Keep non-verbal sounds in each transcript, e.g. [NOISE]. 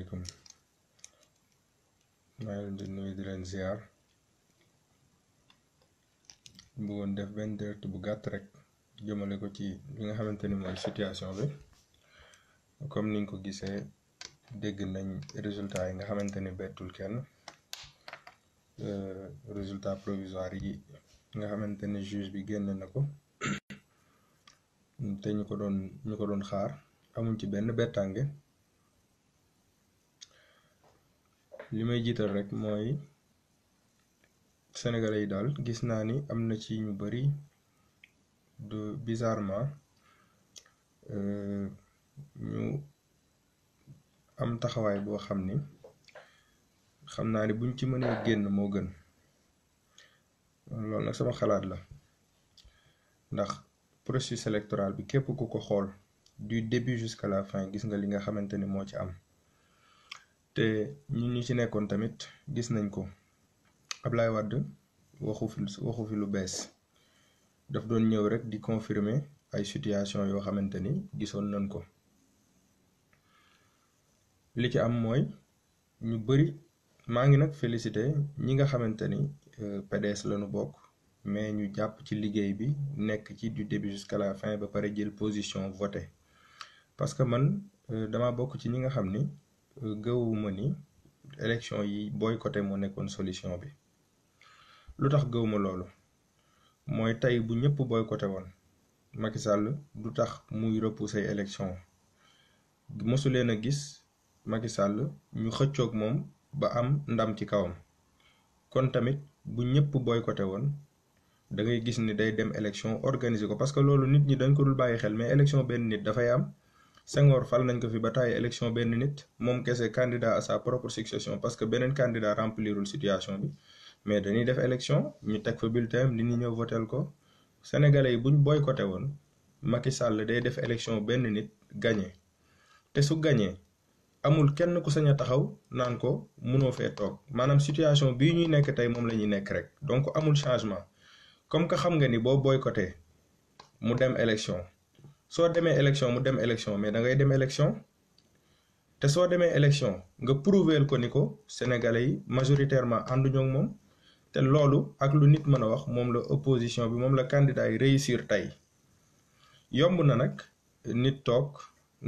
asalaamaaleykum maa ngi leen di nuyu di def benn direct bu gàtt rek jëmale ko ci li nga xamante ni mooy situation bi comme niñ ko gisee dégg nañ résultat yi nga xamante ni bettul kenn euh, résultat provisoire yi nga xamante ni juge bi génne na ko [COUGHS] te ko doon ñu ko doon xaar amuñ ci benn bettange li may jiital rek mooy sénégalais yi daal gis naa ni am na ci ñu bari du bizarrement euh, ñu am taxawaay boo xam ni xam naa ni buñ ci mënee génn moo gën loolu nag sama xalaat la ndax processus électoral bi képp ku ko xool du début jusqu'à la fin gis nga li nga xamante ni moo ci am te ñu ñu ci nekkoon tamit gis nañ ko Ablaye Wade waxu fi waxu fi lu bees daf doon ñëw rek di confirmer ay situation yoo xamante ni gisoon nañ ko li ci am mooy ñu bëri maa ngi nag félicité ñi nga xamante ni euh, PDS lañu bokk mais ñu jàpp ci liggéey bi nekk ci du début jusqu'à la fin ba pare jël position voté parce que man euh, dama bokk ci ñi nga xam ni gëwuma ni élection yi boycotté moo nekkoon solution bi lu tax gëwuma loolu mooy tey bu ñëpp boycotté woon Macky Sall du tax muy repousser élection mosu leen a gis Macky Sall ñu xëccoog moom ba am ndam ci kawam kon tamit bu ñëpp boycotté woon da ngay gis ni day dem élection organiser ko parce que loolu nit ñi dañ ko dul bàyyi xel mais élection benn nit dafay am. Senghor fal nañ ko fi ba tàyyi élection benn nit moom kese candidat à sa propre succession parce que beneen candidat remplirul situation bi mais dañuy def élection ñu teg fa bulletin am nit ñi ñëw votel ko sénégalais yi buñ boycotté woon Macky Sall day def élection benn nit gagné te su gañee amul kenn ku sañ a taxaw naan ko mënoo fee toog maanaam situation bii ñuy nekk tey moom la ñuy nekk rek donc amul changement comme que xam nga ni boo boycotté mu dem élection. soo demee élection mu dem élection mais dangay ngay dem élection te soo demee élection nga prouver ko ni ko sénégalais yi majoritairement ànduñoo ak moom te loolu ak lu nit mën a wax moom la opposition bi moom la candidat yi réussir tey yomb na nag nit toog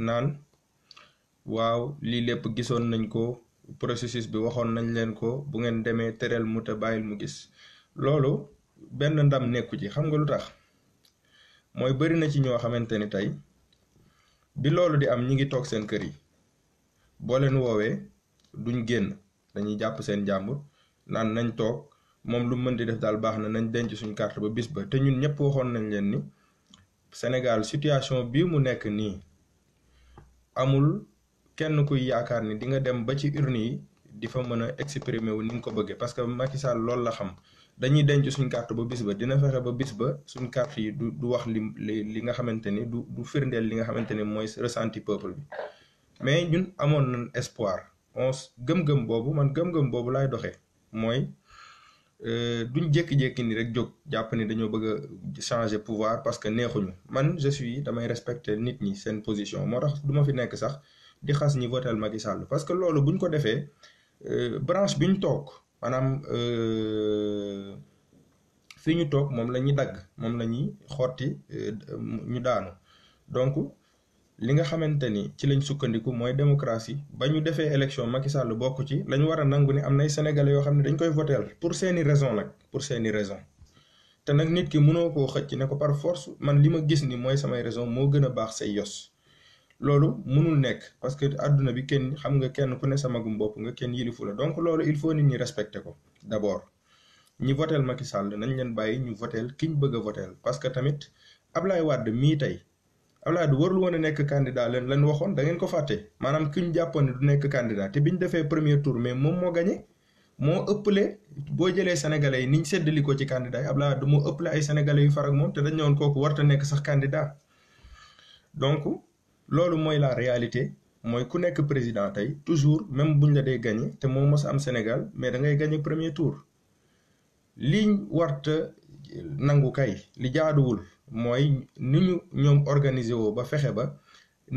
naan waaw lii lépp gisoon nañ ko processus bi waxoon nañ leen ko bu ngeen demee tëral mu te bàyyil mu gis loolu benn ndam nekku ci xam nga lu tax mooy bëri na ci ñoo xamante ni tey bi loolu di am ñi ngi toog seen kër yi boo leen woowee duñ génn dañuy jàpp seen jàmbur naan nañ toog moom lu mën di def daal baax na nañ denc suñu carte ba bis ba te ñun ñëpp waxoon nañ leen ni Sénégal situation bi mu nekk nii amul kenn kuy yaakaar ni di nga dem ba ci urne yi di fa mën a exprimer wu ni ñu ko bëggee parce que Macky Sall loolu la xam dañuy denc suñ carte ba bis ba dina fexe ba bis ba suñ carte yi du du wax li li nga xamante ni du du firndeel li nga xamante ni mooy ressenti peuple bi mais ñun amoon nañ espoir on gëm-gëm boobu man gëm-gëm boobu laay doxee mooy euh, duñ jékki-jékki ni rek jóg jàpp ni dañoo bëgg a changer pouvoir parce que neexuñu man je damay respecter nit ñi seen position moo tax du ma fi nekk sax di xas ñi votel Macky Sall parce que loolu buñ ko defee euh, branche biñ toog maanaam euh, fii ñu toog moom la ñuy dagg moom la ñuy xotti euh, ñu daanu donc li nga xamante ni ci lañ sukkandiku mooy démocratie ba ñu defee élection Macky Sall bokk ci lañ ñu war a nangu ni am nay sénégalais yoo xam ne dañ koy voteel pour seeni raison nag pour seeni raison te nag nit ki mënoo koo xëcc ne ko par force man li ma gis ni mooy samay raison moo gën a baax say yos loolu mënul nekk parce que àdduna bi kenn xam nga kenn ku ne sa magum bopp nga kenn yilifu la donc loolu il faut nit ñi respecter ko d'abord ñi ma ki Sall nañ leen bàyyi ñu voteel ki ñu bëgg a voteel parce que tamit Ablaye Wade mii tey Ablaye Wade warul woon a nekk candidat leen lañ waxoon da ngeen ko fàtte maanaam ki ñu jàppoon du nekk candidat te bi ñu defee premier tour mais moom moo gagné moo ëppale boo jëlee sénégalais yi ni ñu séddali ko ci candidat yi Ablaye Wade moo ëppale ay sénégalais yu far moom te dañ ñëwoon kooku warta nekk sax candidat loolu mooy la réalité mooy ku nekk président tey toujours même buñ la dee gagné te moo mos am Sénégal mais dangay ngay premier tour lii warta nangu kay li jaaduwul mooy ni ñu ñoom organiser woo ba fexe ba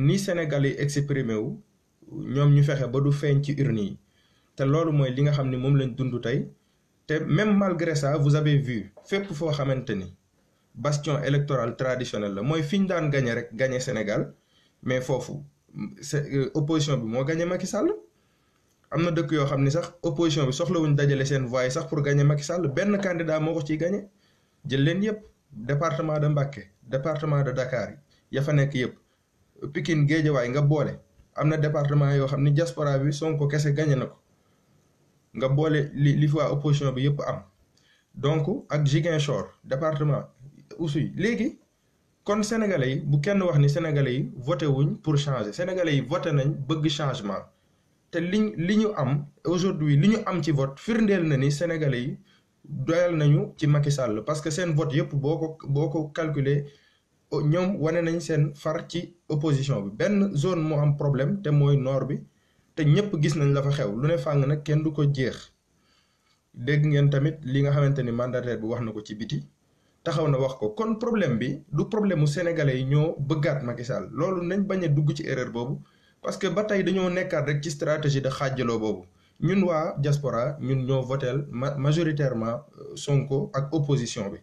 ni Sénégal yi exprimé wu ñoom ñu fexe ba du feeñ ci urne yi te loolu mooy li nga xam ni moom lañ dund tey te même malgré ça vous avez vu fépp foo xamante ni bastion électoral traditionnel la mooy fi ñu daan gagné rek gagné Sénégal mais foofu euh, opposition bi moo gagné Macky Sall am na dëkk yoo xam ni sax opposition bi soxlawuñ dajale seen voix sax pour gagné Macky Sall benn candidat moo ko ciy gagné jël leen yëpp département de Mbacké département de Dakar ya fa nekk yëpp Pikine Guédiawaye nga boole am na département yoo xam ni diaspora bi Sonko kese gagné na ko nga boole li li fi waa opposition bi yëpp am donc ak Ziguinchor département aussi léegi. kon sénégalais yi bu kenn wax ni sénégalais yi voté wuñ pour changer sénégalais yi voté nañ bëgg changement te liñ li ñu am aujourd'hui li ñu am ci vote firndeel na ni sénégalais yi doyal nañu ci Macky Sall parce que seen vote yëpp boo ko boo ko calculer ñoom wane nañ seen far ci opposition bi benn zone moo am problème te mooy noor bi te ñëpp gis nañ la fa xew lu ne fàng nag kenn du ko jeex dégg ngeen tamit li nga xamante ni mandataire bi wax na ko ci biti taxaw na wax ko kon problème bi du problème mu sénégalais yi ñoo bëggaat Macky Sall loolu nañ bañ a dugg ci erreur boobu parce que ba tey dañoo nekkaat rek ci stratégie de xaajaloo boobu ñun waa diaspora ñun ñoo voteel majoritairement euh, Sonko ak opposition bi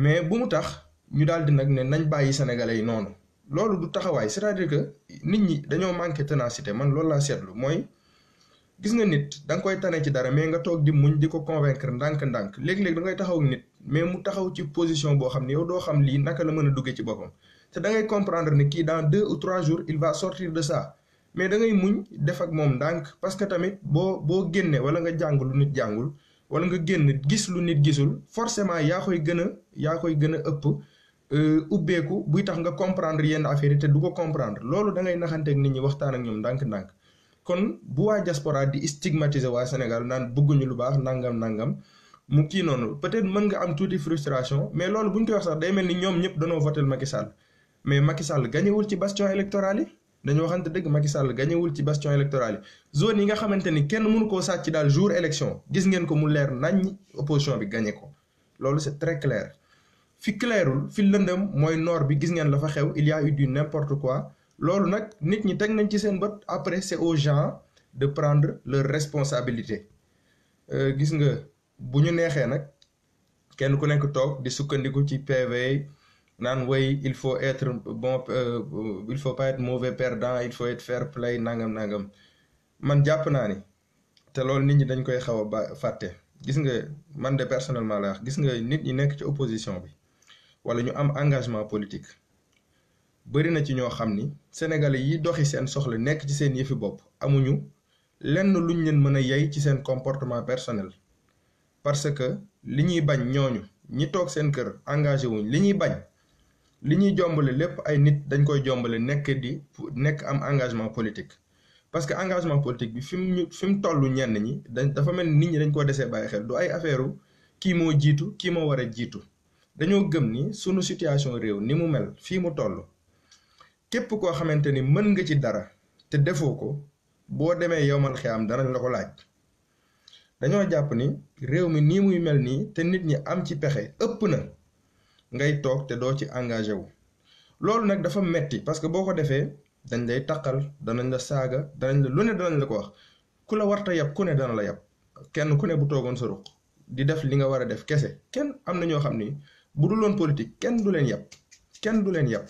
mais bu mu tax ñu daal di nag ne nañ bàyyi sénégalais yi noonu loolu du taxawaay c'est-à-dire nit ñi dañoo manqué ténacité man loolu laa seetlu mooy. gis nga nit da nga koy tane ci dara mais nga toog di muñ di ko convaincre ndànk-ndànk léeg-léeg da ngay taxaw ak nit mais mu taxaw ci position boo xam ni yow doo xam lii naka la mën a duggee ci boppam te dangay ngay comprendre ne kii dans deux trois jours il va sortir de mais da ngay muñ def ak moom ndànk parce que tamit boo boo génnee wala nga jàng lu nit jàngul wala nga génn gis lu nit gisul forcément yaa koy gën a yaa koy gën a ëpp euh, ubbeeku buy tax nga comprendre yenn affaire te du ko comprendre loolu da ngay naxanteeg nit ñi waxtaan ak ñoom ndànk-ndànk kon bu waa diaspora di stigmatiser waa Sénégal naan bëgguñu lu baax nangam nangam mu kii noonu peut-être mën nga am tuuti frustration mais loolu bu ñu koy wax sax day mel ni ñoom ñëpp danoo votel Macky Sall mais Macky Sall gañewul ci bastion électoral yi dañoo waxante dëgg Macky Sall gañewul ci bastion électoral yi zone yi nga xamante ni kenn mënu koo sàcc daal jour élection gis ngeen ko mu leer naññ opposition bi gañe ko loolu c'est très clair fi clairul fi lëndëm mooy noor bi gis ngeen la fa xew il y a eu du loolu nag nit ñi teg nañ ci seen bët après c'est aux gens de prendre leur responsabilité euh, gis nga bu ñu neexee nag kenn ku nekk toog di sukkandiku ci PV naan way il faut être bon euh, il faut pas être mauvais perdant il faut être fair play nangam nangam man jàpp naa ni te loolu nit ñi dañ koy xaw a ba fàtte gis nga man de personnel la gis nga nit ñi nekk ci opposition bi wala ñu am engagement politique bëri na ci ñoo xam ni sénégalais yi doxi seen soxla nekk ci seen yëfi bopp amuñu lenn luñ leen mën a yey ci seen comportement personnel parce que li ñuy bañ ñooñu ñi toog seen kër engagé wuñ li ñuy bañ li ñuy jombale lépp ay nit dañ koy jombale nekk di nekk am engagement politique parce que engagement politique bi fi mu ñu fi mu toll ñenn ñi dañ dafa mel ni nit ñi dañ ko desee bàyyi xel du ay affaire kii moo jiitu kii moo war jiitu dañoo gëm ni sunu situation réew ni mu mel fii mu toll képp koo xamante ni mën nga ci dara te defoo ko boo demee yowmal xiyaam danañ la ko laaj dañoo jàpp ni réew mi nii muy mel nii te nit ñi am ci pexe ëpp na ngay toog te doo ci engagé wu loolu nag dafa metti parce que boo ko defee dañ lay taqal danañ la saaga danañ la lu ne danañ la ko wax ku la warta yab ku ne dana la yab kenn ku ne bu toogoon sa ruq di def li nga war a def kese kenn am na ñoo xam ni bu dul woon politique kenn du leen yàpp kenn du leen yab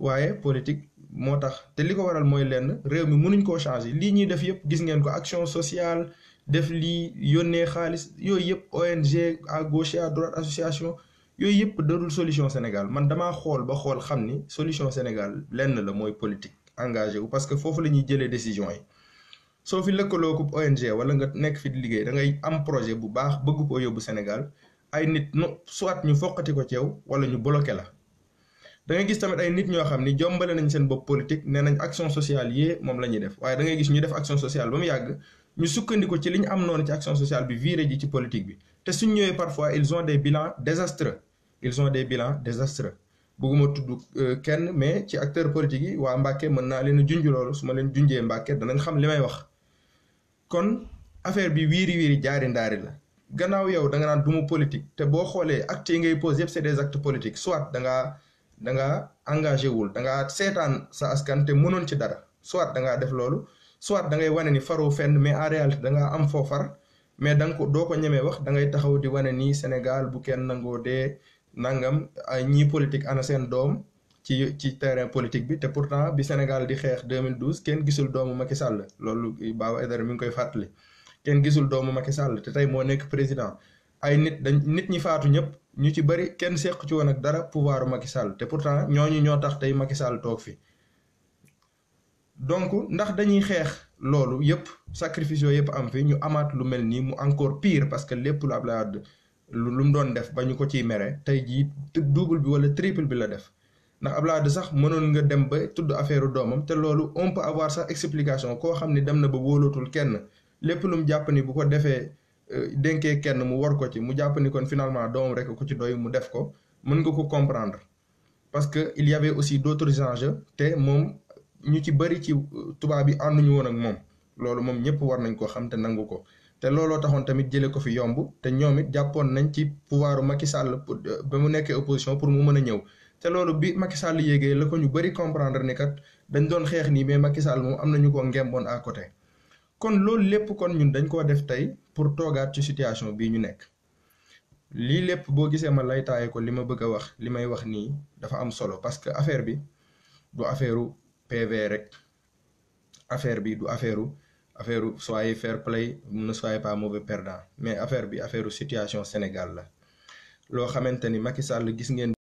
waaye politique moo tax te li ko waral mooy lenn réew mi mënuñ koo changer lii ñuy def yëpp gis ngeen ko action sociale def lii yónnee xaalis yooyu yëpp ONG à gauche à association yooyu yëpp dadul solution Sénégal man damaa xool ba xool xam ni solution Sénégal lenn la mooy politique engagé wu parce que foofu la ñuy jëlee décision yi soo fi lëkkaloo ko ONG wala nga nekk fi di liggéey da ngay am projet bu baax bëgg koo yóbbu Sénégal ay nit no soit ñu foqati ko ceew wala ñu bloqué la da gis tamit ay nit ñoo xam ni jombale nañ seen bopp politique nee nañ action sociale yi moom la ñuy def waaye da ngay gis ñu def action sociale ba mu yàgg ñu sukkandiku ci li ñu am noonu ci action sociale bi viré ji ci politique bi te suñ ñëwee parfois ils on des bilans désastreux ils ont des bilans désastreux bëgguma tudd euh, kenn mais ci acteur politique yi waa Mbàkke mën naa leen a junj loolu leen junjee Mbàkke danañ xam li may wax kon affaire bi wiiri wiiri jaari ndaari la gannaaw yow da nga naan du mu politique te boo xoolee actes yi ngay pose yëpp c'est des actes da ngaa da nga engagé wul da nga seetaan sa askan te mënoon ci dara soit da ngaa def loolu soit da ngay wane ni faru fenn mais en réalité da ngaa am foofar mais da ko doo ko ñemee wax dangay taxaw di wane ni Sénégal bu kenn nangoo de nangam ay ñii politique ana seen doom ci ci terrain politique bi te pourtant bi Sénégal di xeex 2012 kenn gisul doomu Macky Sall loolu Baba Aïdara mi ngi koy fàttali kenn gisul doomu Macky sàll te tey moo nekk président ay nit dañ nit ñi faatu ñëpp. ñu ci bëri kenn seq ci woon ak dara pouvoir Macky Sall te pourtant ñooñu ñoo tax tey Macky Sall toog fi donc ndax dañuy xeex loolu yëpp sacrifice yooyu yëpp am fi ñu amaat lu mel nii mu encore pire parce que lépp lu Abdoulaye Wade lu mu doon def ba ñu ko ciy mere tey jii double bi wala triple bi la def ndax Abdoulaye Wade sax mënoon nga dem ba tudd affaire doomam te loolu on peut avoir sax explication koo xam ni dem na ba wóolootul kenn lépp lu jàpp ni bu ko defee. Euh, dénkee kenn mu war ko ci mu jàpp ni kon finalement doom rek ko ci doy mu def ko mën nga ko comprendre parce que il y aussi d'autres enjeux te moom ñu ci bari ci euh, tubaab yi ànduñu woon ak moom loolu moom ñëpp war nañ ko xam te nangu ko te looloo taxoon tamit jëlee ko fi yomb te ñoom it jàppoon nañ ci pouvoiru Macky Sall euh, ba mu nekkee opposition pour mu mën a ñëw te loolu bi Macky Sall yéegee la ko ñu bëri comprendre ni kat dañ doon xeex nii mais Macky Sall moom am nañu ko ngemboon à côté kon loolu lépp kon ñun dañ koo def tey pour toogaat ci situation bii ñu nekk lii lépp boo gisee ma laytaaye ko li ma bëgg a wax li may wax nii dafa am solo parce que affaire bi du affaire PV rek affaire bi du affaire affaire soyez fair play ne soyez pas mauvais perdant mais affaire bi affaire situation Sénégal la loo xamante ni gis ngeen.